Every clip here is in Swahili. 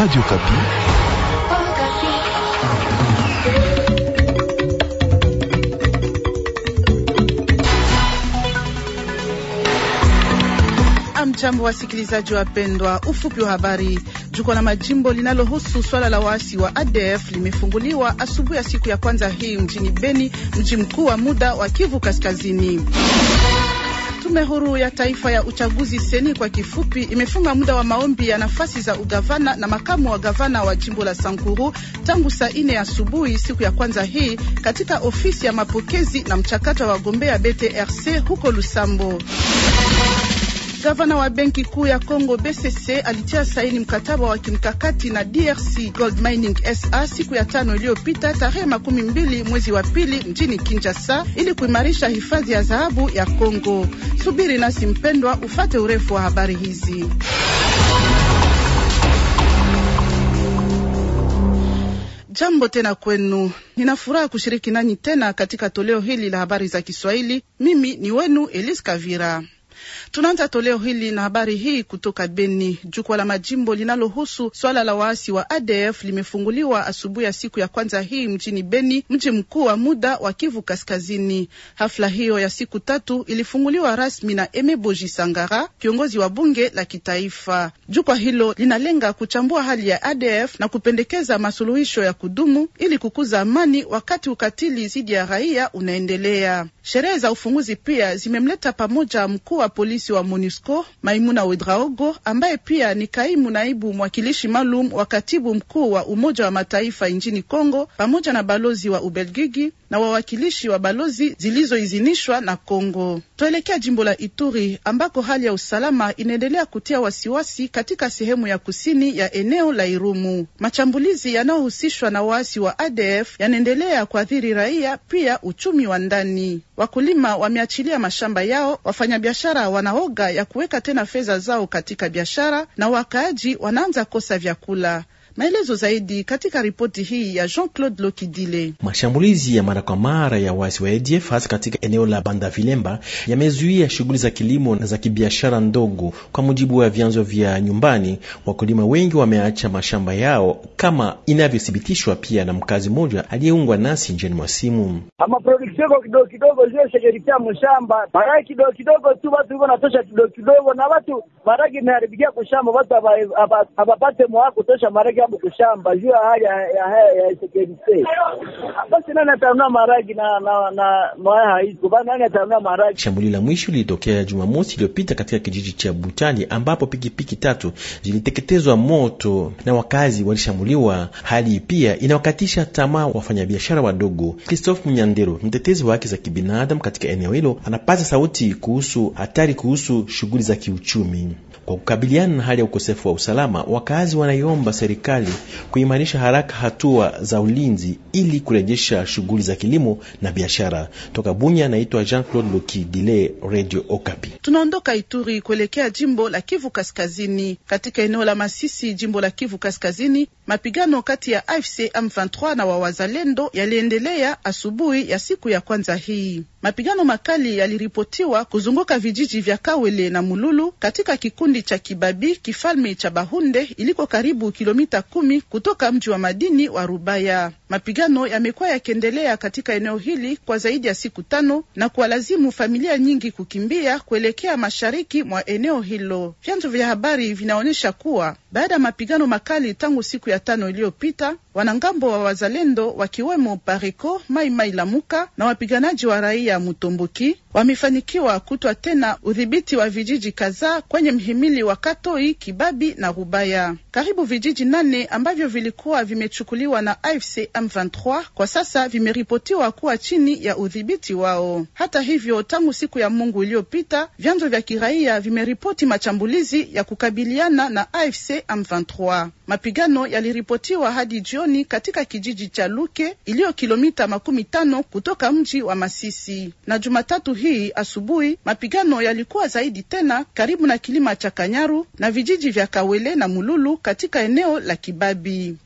Radio Kapi. wa wasikilizaji wapendwa, ufupi wa habari. Jukwaa la majimbo linalohusu swala la waasi wa ADF limefunguliwa asubuhi ya siku ya kwanza hii mjini Beni, mji mkuu wa muda wa Kivu Kaskazini. Tume huru ya taifa ya uchaguzi seni kwa kifupi, imefunga muda wa maombi ya nafasi za ugavana na makamu wa gavana wa jimbo la Sankuru tangu saa ine asubuhi siku ya kwanza hii katika ofisi ya mapokezi na mchakato wa wagombea BTRC huko Lusambo. Gavana wa Benki Kuu ya Kongo BCC alitia saini mkataba wa kimkakati na DRC Gold Mining SA siku ya tano iliyopita tarehe makumi mbili mwezi wa pili mjini Kinshasa ili kuimarisha hifadhi ya dhahabu ya Kongo. Subiri nasi mpendwa, ufate urefu wa habari hizi. Jambo tena kwenu, nina furaha kushiriki nanyi tena katika toleo hili la habari za Kiswahili. Mimi ni wenu Elise Kavira. Tunaanza toleo hili na habari hii kutoka Beni. Jukwaa la majimbo linalohusu swala la waasi wa ADF limefunguliwa asubuhi ya siku ya kwanza hii mjini Beni, mji mkuu wa muda wa Kivu Kaskazini. Hafla hiyo ya siku tatu ilifunguliwa rasmi na Boji Sangara, kiongozi wa bunge la kitaifa. Jukwaa hilo linalenga kuchambua hali ya ADF na kupendekeza masuluhisho ya kudumu ili kukuza amani wakati ukatili dhidi ya raia unaendelea. Sherehe za ufunguzi pia zimemleta pamoja mkuu wa polisi rais wa MONUSCO Maimuna Wedraogo, ambaye pia ni kaimu naibu mwakilishi maalum wa katibu mkuu wa Umoja wa Mataifa nchini Kongo, pamoja na balozi wa Ubelgiji na wawakilishi wa balozi zilizoidhinishwa na Kongo. Tuelekea jimbo la Ituri ambako hali ya usalama inaendelea kutia wasiwasi katika sehemu ya kusini ya eneo la Irumu. Machambulizi yanayohusishwa na waasi wa ADF yanaendelea kuathiri raia, pia uchumi wa ndani. Wakulima wameachilia mashamba yao, wafanyabiashara wanaoga ya kuweka tena fedha zao katika biashara, na wakaaji wanaanza kosa vyakula. Maelezo zaidi katika ripoti hii ya Jean-Claude Lokidile. Mashambulizi ya mara kwa mara ya waasi wa ADF hasa katika eneo la Banda Vilemba yamezuia shughuli za kilimo na za kibiashara ndogo. Kwa mujibu wa vyanzo vya nyumbani, wakulima wengi wameacha mashamba yao, kama inavyothibitishwa pia na mkazi mmoja aliyeungwa nasi njiani mwa simu. Ama production kidogo kidogo zioshekerikia mshamba maraki kidogo kidogo tu, watu iko natosha kidogo kidogo, na watu maragi imeharibikia kushamba, watu abapate mwaa kutosha maraki jambo kushamba juu ya hali ya haya ya SKDC, basi nani atanunua maragi na na na mwaya haiko bana, nani atanunua maragi? Shambulio la mwisho lilitokea Jumamosi iliyopita katika kijiji cha Butani ambapo pikipiki tatu ziliteketezwa moto na wakazi walishambuliwa. Hali pia inawakatisha tamaa wafanyabiashara wadogo. Christophe Mnyandero, mtetezi wa haki za kibinadamu katika eneo hilo, anapaza sauti kuhusu hatari kuhusu shughuli za kiuchumi kwa kukabiliana na hali ya ukosefu wa usalama. Wakazi wanaiomba serikali serikali kuimarisha haraka hatua za ulinzi ili kurejesha shughuli za kilimo na biashara. Toka Bunya, naitwa Jean Claude Loki Dile, Radio Okapi. Tunaondoka Ituri kuelekea jimbo la Kivu Kaskazini. Katika eneo la Masisi, jimbo la Kivu Kaskazini, mapigano kati ya AFC M23 na wawazalendo yaliendelea asubuhi ya siku ya kwanza hii. Mapigano makali yaliripotiwa kuzunguka vijiji vya Kawele na Mululu katika kikundi cha Kibabi kifalme cha Bahunde iliko karibu kilomita kumi kutoka mji wa madini wa Rubaya. Mapigano yamekuwa yakiendelea katika eneo hili kwa zaidi ya siku tano na kuwalazimu familia nyingi kukimbia kuelekea mashariki mwa eneo hilo. Vyanzo vya habari vinaonyesha kuwa baada ya mapigano makali tangu siku ya tano iliyopita, wanangambo wa wazalendo wakiwemo Pareko Mai Mai Lamuka na wapiganaji wa raia Mutomboki wamefanikiwa kutwa tena udhibiti wa vijiji kadhaa kwenye mhimili wa Katoi, Kibabi na Rubaya. Karibu vijiji nane ambavyo vilikuwa vimechukuliwa na AFC M23 kwa sasa vimeripotiwa kuwa chini ya udhibiti wao. Hata hivyo, tangu siku ya Mungu iliyopita vyanzo vya kiraia vimeripoti machambulizi ya kukabiliana na AFC M23. Mapigano yaliripotiwa hadi jioni katika kijiji cha Luke iliyo kilomita makumi tano kutoka mji wa Masisi na Jumatatu hii asubuhi mapigano yalikuwa zaidi tena karibu na kilima cha Kanyaru na vijiji vya Kawele na Mululu katika eneo la Kibabi.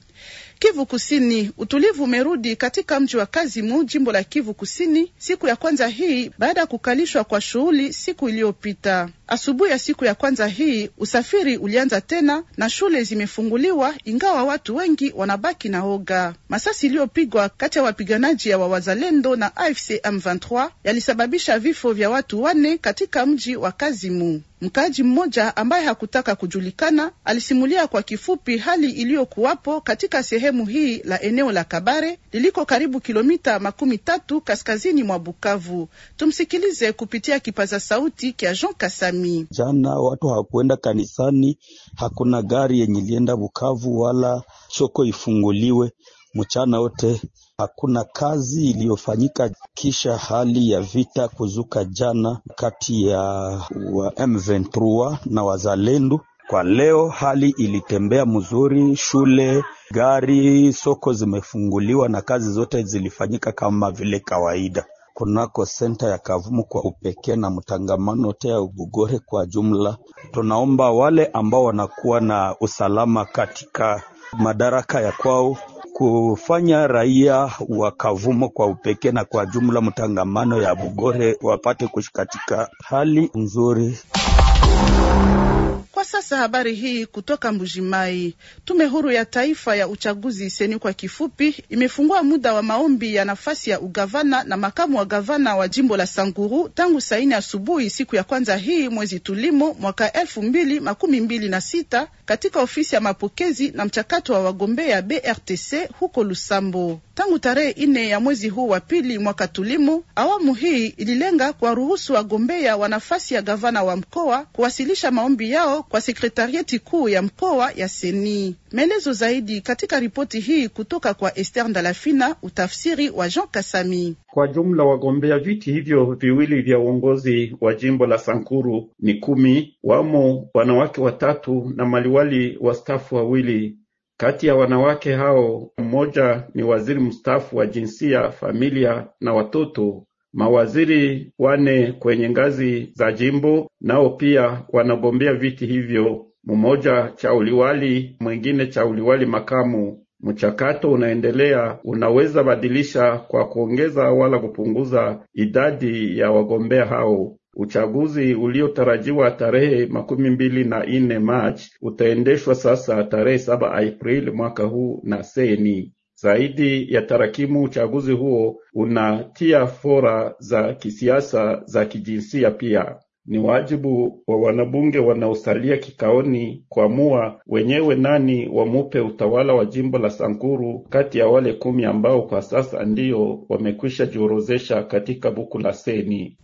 Kivu Kusini, utulivu umerudi katika mji wa Kazimu, jimbo la Kivu Kusini, siku ya kwanza hii baada ya kukalishwa kwa shughuli siku iliyopita. Asubuhi ya siku ya kwanza hii usafiri ulianza tena na shule zimefunguliwa, ingawa watu wengi wanabaki na oga Masasi iliyopigwa kati ya wapiganaji ya wa wazalendo na AFC M23 yalisababisha vifo vya watu wanne katika mji wa Kazimu. Mkaaji mmoja ambaye hakutaka kujulikana alisimulia kwa kifupi hali iliyokuwapo katika sehemu hii la eneo la Kabare liliko karibu kilomita makumi tatu kaskazini mwa Bukavu. Tumsikilize kupitia kipaza sauti kya Jean Kasami. Jana watu hawakuenda kanisani, hakuna gari yenye ilienda Bukavu wala soko ifunguliwe mchana wote hakuna kazi iliyofanyika kisha hali ya vita kuzuka jana kati ya wa M23 na wazalendo. Kwa leo hali ilitembea mzuri, shule, gari, soko zimefunguliwa na kazi zote zilifanyika kama vile kawaida. Kunako senta ya Kavumu kwa upekee na mtangamano te ya Ubugore kwa jumla, tunaomba wale ambao wanakuwa na usalama katika madaraka ya kwao kufanya raia wa Kavumo kwa upekee na kwa jumla mtangamano ya Bugore wapate kushikatika hali nzuri sasa habari hii kutoka Mbujimai. Tume huru ya taifa ya uchaguzi seni kwa kifupi, imefungua muda wa maombi ya nafasi ya ugavana na makamu wa gavana wa jimbo la Sanguru tangu saa nne asubuhi siku ya kwanza hii mwezi tulimo mwaka elfu mbili makumi mbili na sita katika ofisi ya mapokezi na mchakato wa wagombea BRTC huko Lusambo tangu tarehe ine ya mwezi huu wa pili mwaka tulimo. Awamu hii ililenga kuwaruhusu wagombea wa nafasi ya gavana wa mkoa kuwasilisha maombi yao kwa sekretarieti kuu ya mkoa ya Seni. Maelezo zaidi katika ripoti hii kutoka kwa Esther Ndalafina, utafsiri wa Jean Kasami. Kwa jumla wagombea viti hivyo viwili vya uongozi wa jimbo la Sankuru ni kumi, wamo wanawake watatu na maliwali wastaafu wawili. Kati ya wanawake hao, mmoja ni waziri mstaafu wa jinsia, familia na watoto mawaziri wane kwenye ngazi za jimbo nao pia wanagombea viti hivyo, mmoja cha uliwali, mwingine cha uliwali makamu. Mchakato unaendelea, unaweza badilisha kwa kuongeza wala kupunguza idadi ya wagombea hao. Uchaguzi uliotarajiwa tarehe makumi mbili na ine Machi utaendeshwa sasa tarehe saba Aprili mwaka huu na seni zaidi ya tarakimu, uchaguzi huo unatia fora za kisiasa za kijinsia pia. Ni wajibu wa wanabunge wanaosalia kikaoni kuamua wenyewe nani wamupe utawala wa jimbo la Sankuru kati ya wale kumi ambao kwa sasa ndiyo wamekwisha jiorozesha katika buku la seni.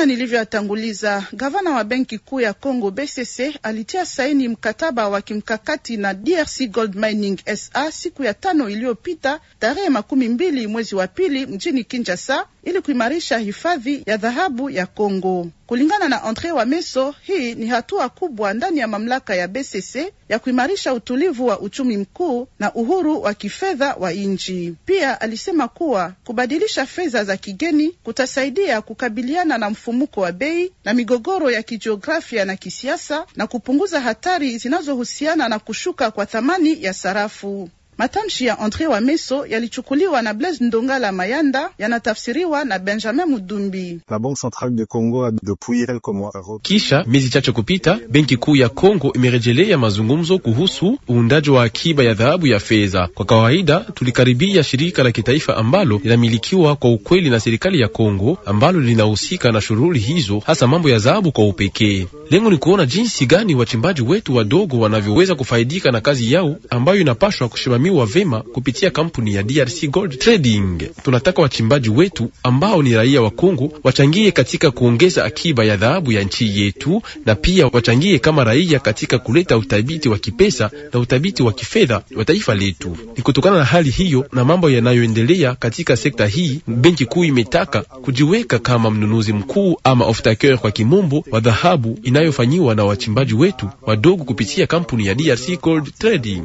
Kama nilivyotanguliza, gavana wa benki kuu ya Congo BCC alitia saini mkataba wa kimkakati na DRC Gold Mining SA siku ya tano iliyopita tarehe makumi mbili mwezi wa pili mjini Kinshasa ili kuimarisha hifadhi ya dhahabu ya Kongo. Kulingana na Andre wa Meso, hii ni hatua kubwa ndani ya mamlaka ya BCC ya kuimarisha utulivu wa uchumi mkuu na uhuru wa kifedha wa nchi. Pia alisema kuwa kubadilisha fedha za kigeni kutasaidia kukabiliana na mfumuko wa bei na migogoro ya kijiografia na kisiasa na kupunguza hatari zinazohusiana na kushuka kwa thamani ya sarafu. Matamshi ya Andre wa Meso yalichukuliwa na Blaise Ndongala Mayanda, yanatafsiriwa na Benjamin Mudumbi. La Banque Centrale de Congo depuis quelques mois. Kisha miezi chache kupita, Benki Kuu ya Kongo imerejelea mazungumzo kuhusu uundaji wa akiba ya dhahabu ya fedha. Kwa kawaida tulikaribia shirika la kitaifa ambalo linamilikiwa kwa ukweli na serikali ya Kongo ambalo linahusika na shughuli hizo, hasa mambo ya dhahabu kwa upekee. Lengo ni kuona jinsi gani wachimbaji wetu wadogo wanavyoweza kufaidika na kazi yao ambayo inapashwa kusimamiwa kusimamiwa vema kupitia kampuni ya DRC Gold Trading. Tunataka wachimbaji wetu ambao ni raia wa Kongo wachangie katika kuongeza akiba ya dhahabu ya nchi yetu, na pia wachangie kama raia katika kuleta utabiti wa kipesa na utabiti wa kifedha wa taifa letu. Ni kutokana na hali hiyo na mambo yanayoendelea katika sekta hii, benki kuu imetaka kujiweka kama mnunuzi mkuu ama oftaker kwa kimombo wa dhahabu inayofanyiwa na wachimbaji wetu wadogo kupitia kampuni ya DRC Gold Trading.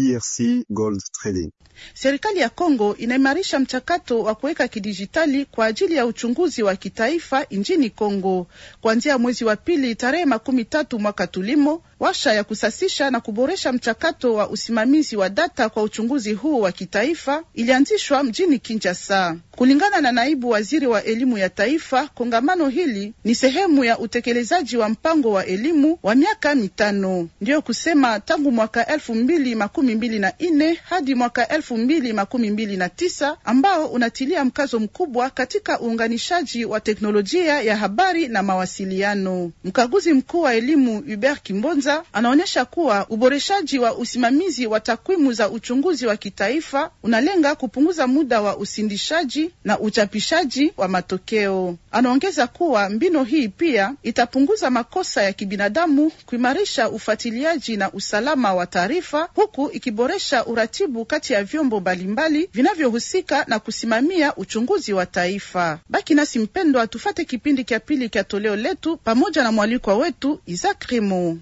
DRC e Gold Trading. Serikali ya Kongo inaimarisha mchakato wa kuweka kidijitali kwa ajili ya uchunguzi wa kitaifa nchini Kongo. Kuanzia mwezi wa pili tarehe makumi tatu mwaka tulimo washa ya kusasisha na kuboresha mchakato wa usimamizi wa data kwa uchunguzi huu wa kitaifa ilianzishwa mjini Kinshasa. Kulingana na naibu waziri wa elimu ya taifa, kongamano hili ni sehemu ya utekelezaji wa mpango wa elimu wa miaka mitano, ndiyo kusema tangu mwaka elfu mbili makumi mbili na nne hadi mwaka elfu mbili makumi mbili na tisa ambao unatilia mkazo mkubwa katika uunganishaji wa teknolojia ya habari na mawasiliano. Mkaguzi mkuu wa elimu Hubert Kimbonza Uingereza anaonyesha kuwa uboreshaji wa usimamizi wa takwimu za uchunguzi wa kitaifa unalenga kupunguza muda wa usindishaji na uchapishaji wa matokeo. Anaongeza kuwa mbinu hii pia itapunguza makosa ya kibinadamu, kuimarisha ufuatiliaji na usalama wa taarifa, huku ikiboresha uratibu kati ya vyombo mbalimbali vinavyohusika na kusimamia uchunguzi wa taifa. Baki nasi mpendwa, tufate kipindi kya pili kya toleo letu pamoja na mwalikwa wetu Isaac Rimo.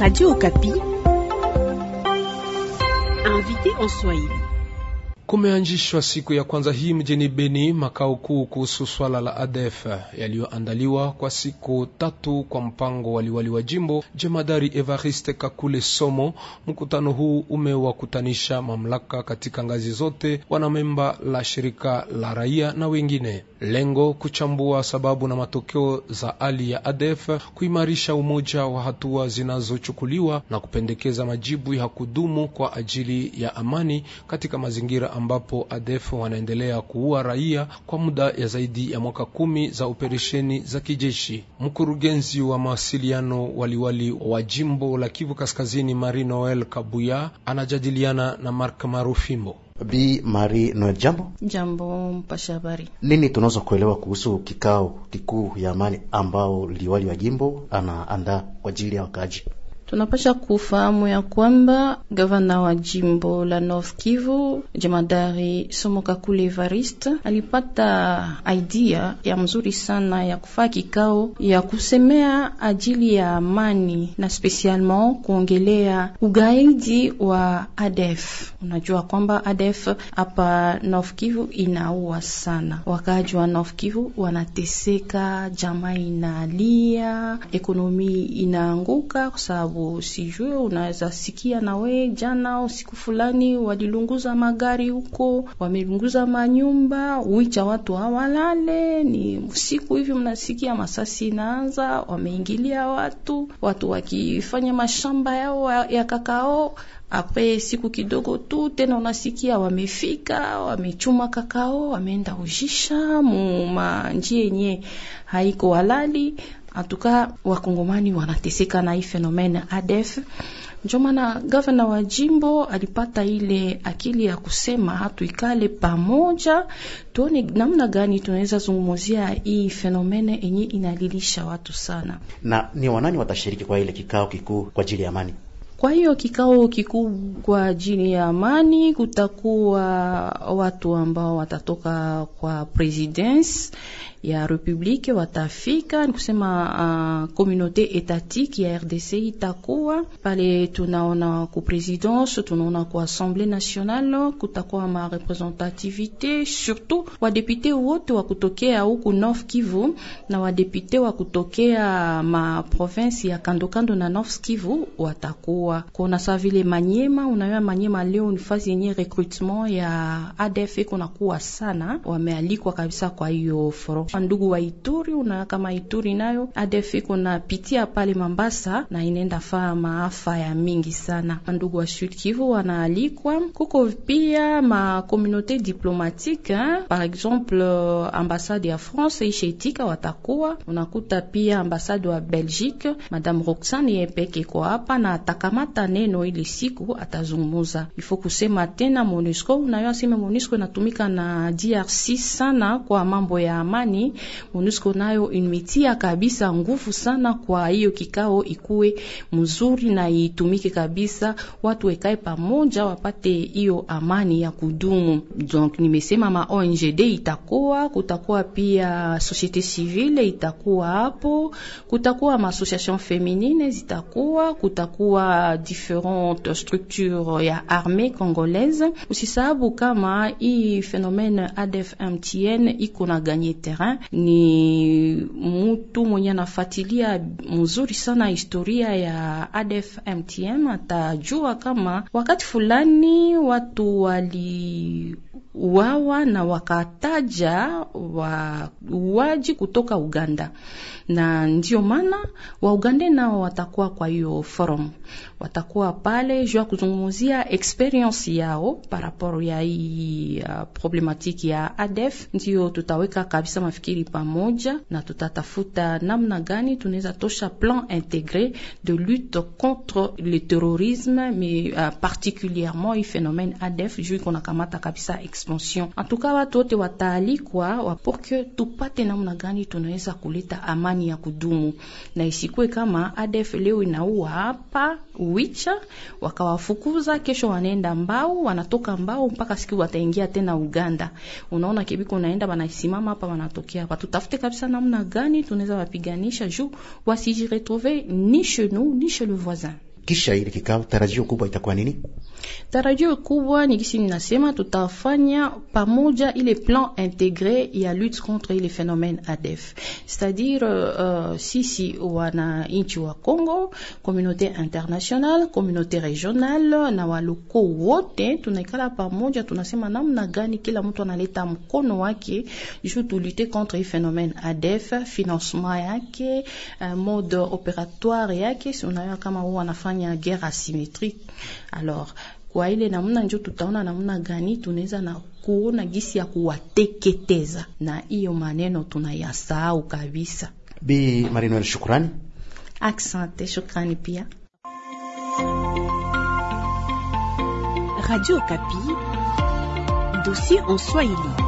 Radio Okapi, invité en Swahili. Kumeanzishwa siku ya kwanza hii mjini Beni makao kuu kuhusu swala la ADF yaliyoandaliwa kwa siku tatu kwa mpango wa liwali wa jimbo jemadari Evariste Kakule Somo. Mkutano huu umewakutanisha mamlaka katika ngazi zote, wanamemba la shirika la raia na wengine, lengo kuchambua sababu na matokeo za hali ya ADF, kuimarisha umoja wa hatua zinazochukuliwa na kupendekeza majibu ya kudumu kwa ajili ya amani katika mazingira ambapo ADF wanaendelea kuua raia kwa muda ya zaidi ya mwaka kumi za operesheni za kijeshi. Mkurugenzi wa mawasiliano waliwali wa jimbo la Kivu Kaskazini, Marie Noel Kabuya, anajadiliana na Mark Marufimbo. Bi Mari Noel, jambo jambo, mpasha habari. Nini tunaweza kuelewa kuhusu kikao kikuu ya amani ambao liwali wa jimbo anaandaa kwa ajili ya wakaaji? tunapasha kufahamu ya kwamba gavana wa jimbo la North Kivu jemadari Somoka Kule Evariste alipata idea ya mzuri sana ya kufaa kikao ya kusemea ajili ya amani na spesialement kuongelea ugaidi wa ADF. Unajua kwamba ADF hapa North Kivu inaua sana wakaaji wa North Kivu, wanateseka, jamaa inalia, ekonomi inaanguka kwa sababu sijue, unaweza sikia na we jana usiku siku fulani walilunguza magari huko, wamelunguza manyumba, wicha watu hawalale, ni usiku hivyo, mnasikia masasi inaanza, wameingilia watu, watu wakifanya mashamba yao ya kakao apre siku kidogo tu tena unasikia wamefika, wamechuma kakao, wameenda ujisha mu manjia enye haiko halali, Antuka wakongomani wanateseka na hii fenomene ADF. Ndio maana gavana wa jimbo alipata ile akili ya kusema hatuikale pamoja, tuone namna gani tunaweza zungumzia hii fenomene yenye inalilisha watu sana. Na ni wanani watashiriki kwa ile kikao kikuu kwa ajili ya amani? Kwa hiyo kikao kikuu kwa ajili ya amani kutakuwa watu ambao watatoka kwa presidence ya republiki watafika, ni kusema komunote uh, etatiki ya RDC itakuwa pale. Tunaona ku presidence, tunaona ku assemble nationale kutakuwa ma representativite, surtout wadepute wote wa kutokea huku North Kivu na wadepute wa kutokea ma province ya kandokando na North Kivu watakuwa kuna sa vile Manyema. unayua Manyema leo ni fazi yenye recrutement ya ADF e kunakuwa sana, wamealikwa kabisa kwa hiyo forum ndugu wa Ituri, na kama Ituri nayo ADF na pitia pale Mambasa na inenda faa maafa ya mingi sana. Ndugu wa Sud Kivu wanaalikwa, kuko pia ma communauté diplomatique hein? Par exemple ambassade ya France ishetika watakuwa, unakuta pia ambassade wa Belgique Madame Roxane yepeke kwa hapa na atakamata neno ili siku atazungumuza. Ifo kusema tena MONUSCO nayo asema MONUSCO inatumika na DRC sana kwa mambo ya amani lakini MONUSCO nayo imetia kabisa nguvu sana kwa hiyo kikao ikuwe mzuri na itumike kabisa, watu wekae pamoja wapate hiyo amani ya kudumu. Donc nimesema ma ONGD itakuwa, kutakuwa pia societe civile itakuwa hapo, kutakuwa ma association feminine zitakuwa, kutakuwa diferente structure ya armée congolaise. Usisahabu kama hii fenomene ADF MTN iko na ganye terrain ni mutu mwenye anafatilia mzuri sana historia ya ADF MTM, atajua kama wakati fulani watu wali wawa na wakataja wauaji kutoka Uganda, na ndio maana Waugande nao watakuwa kwa hiyo forum, watakuwa pale juu ya kuzungumzia experience yao paraporo ya hii uh, problematiki ya ADF. Ndio tutaweka kabisa mafikiri pamoja na tutatafuta namna gani tunaweza tosha plan integre de lutte contre le terrorisme mais uh, particulièrement hii phénomène ADF juu iko nakamata kabisa experience suspension. En tout Antuka watu wote wataalikwa wapoke, tupate namna gani tunaweza kuleta amani ya kudumu, na isikue kama ADF leo inaua hapa Uwicha, wakawafukuza, kesho wanaenda Mbao, wanatoka Mbao mpaka siku wataingia tena Uganda. Unaona kibiko naenda wanasimama hapa, wanatokea hapa. Tutafute kabisa namna gani tunaweza wapiganisha juu wasijiretrouve ni chez nous ni chez le voisin. Kisha ile kikao, tarajio kubwa itakuwa nini? Tarajio kubwa ni kisi ninasema, tutafanya pamoja ile plan integre ya lutte contre ile phenomene ADF, c'est-à-dire uh, sisi wana inchi wa Congo, communauté internationale, communauté regionale na waloko wote tunaikala pamoja, tunasema namna gani kila mtu analeta mkono wake juu tu contre ile phenomene ADF, financement yake, uh, mode opératoire yake, si unayo kama huwa anafanya kufanya guerre asymétrique alors kwa ile namna njo tutaona namna gani tunaweza na kuona gisi ya kuwateketeza, na hiyo maneno tunayasahau kabisa. Bi Marinel, shukrani. Asante, shukrani pia. Hein. Radio Kapi, dossier en Swahili.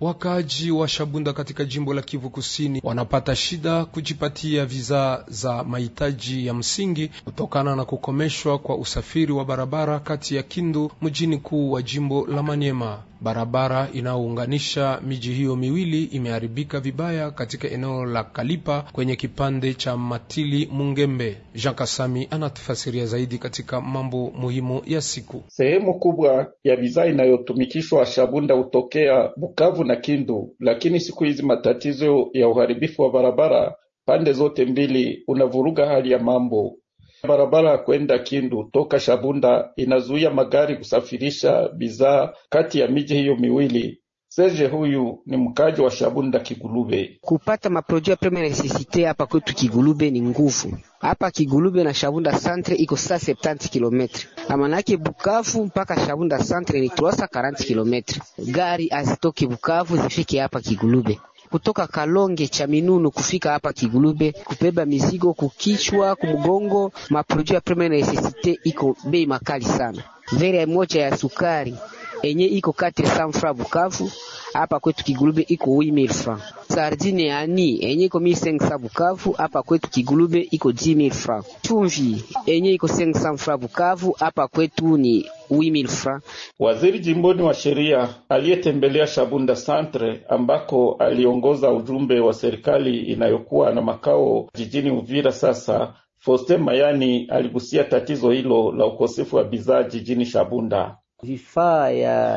Wakaaji wa Shabunda katika jimbo la Kivu Kusini wanapata shida kujipatia vizaa za mahitaji ya msingi kutokana na kukomeshwa kwa usafiri wa barabara kati ya Kindu mjini kuu wa jimbo la manyema Barabara inayounganisha miji hiyo miwili imeharibika vibaya katika eneo la Kalipa kwenye kipande cha Matili Mungembe. Jean Kasami anatufasiria zaidi katika mambo muhimu ya siku. Sehemu kubwa ya bidhaa inayotumikishwa Shabunda hutokea Bukavu na Kindu, lakini siku hizi matatizo ya uharibifu wa barabara pande zote mbili unavuruga hali ya mambo. Barabara ya kwenda Kindu toka Shabunda inazuia magari kusafirisha bidhaa kati ya miji hiyo miwili. Serge huyu ni mkaji wa Shabunda Kigulube. Kupata maprodui ya premier necessite hapa kwetu Kigulube ni nguvu. Hapa Kigulube na Shabunda centre iko 70 km. Na manake Bukavu mpaka Shabunda centre ni 340 km. Gari azitoke Bukavu zifike hapa Kigulube kutoka Kalonge cha Minunu kufika hapa Kigulube, kubeba mizigo kukichwa, kumgongo, maprodui ya prime necessite iko bei makali sana. Vere moja ya sukari enye iko ya sanfra Bukavu, hapa kwetu Kigulube iko 8000 francs. Sardine yani enye iko 1500 Bukavu, hapa kwetu Kigulube iko 10000 francs. Chumvi enye iko 500 francs Bukavu, hapa kwetu ni 8000 francs. Waziri jimboni wa sheria aliyetembelea Shabunda Centre ambako aliongoza ujumbe wa serikali inayokuwa na makao jijini Uvira sasa Foste Mayani aligusia tatizo hilo la ukosefu wa bidhaa jijini Shabunda vifaa ya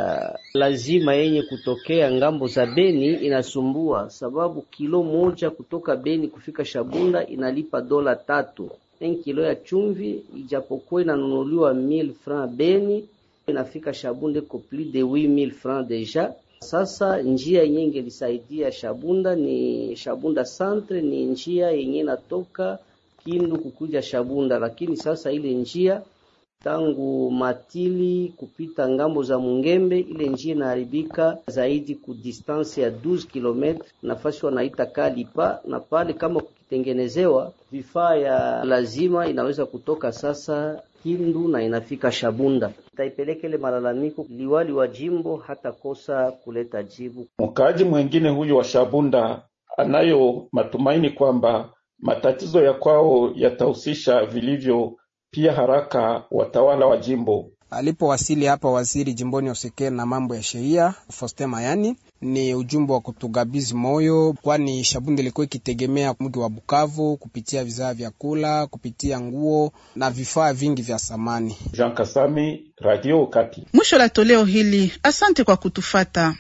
lazima yenye kutokea ngambo za Beni inasumbua, sababu kilo moja kutoka Beni kufika Shabunda inalipa dola tatu. Kilo ya chumvi ijapokuwa inanunuliwa 1000 francs Beni inafika Shabunda ko plus de 8000 francs deja. Sasa njia yenye ingelisaidia Shabunda ni Shabunda centre, ni njia yenye natoka Kindu kukuja Shabunda, lakini sasa ile njia tangu Matili kupita ngambo za Mungembe, ile njia inaharibika zaidi ku distance ya 12 km, nafasi wanaita Kalipa, na pale kama kukitengenezewa vifaa ya lazima inaweza kutoka sasa Kindu na inafika Shabunda. ile malalamiko liwali wa jimbo hata kosa kuleta jibu. Mkaaji mwengine huyu wa Shabunda anayo matumaini kwamba matatizo ya kwao yatahusisha vilivyo pia haraka watawala wa jimbo. Alipowasili hapa waziri jimboni oseke na mambo ya sheria Foste Mayani, ni ujumbe wa kutugabizi moyo, kwani Shabunda ilikuwa ikitegemea mji wa Bukavu kupitia vizaa vyakula, kupitia nguo na vifaa vingi vya samani. Jean Kasami, Radio Kati. Mwisho la toleo hili, asante kwa kutufata.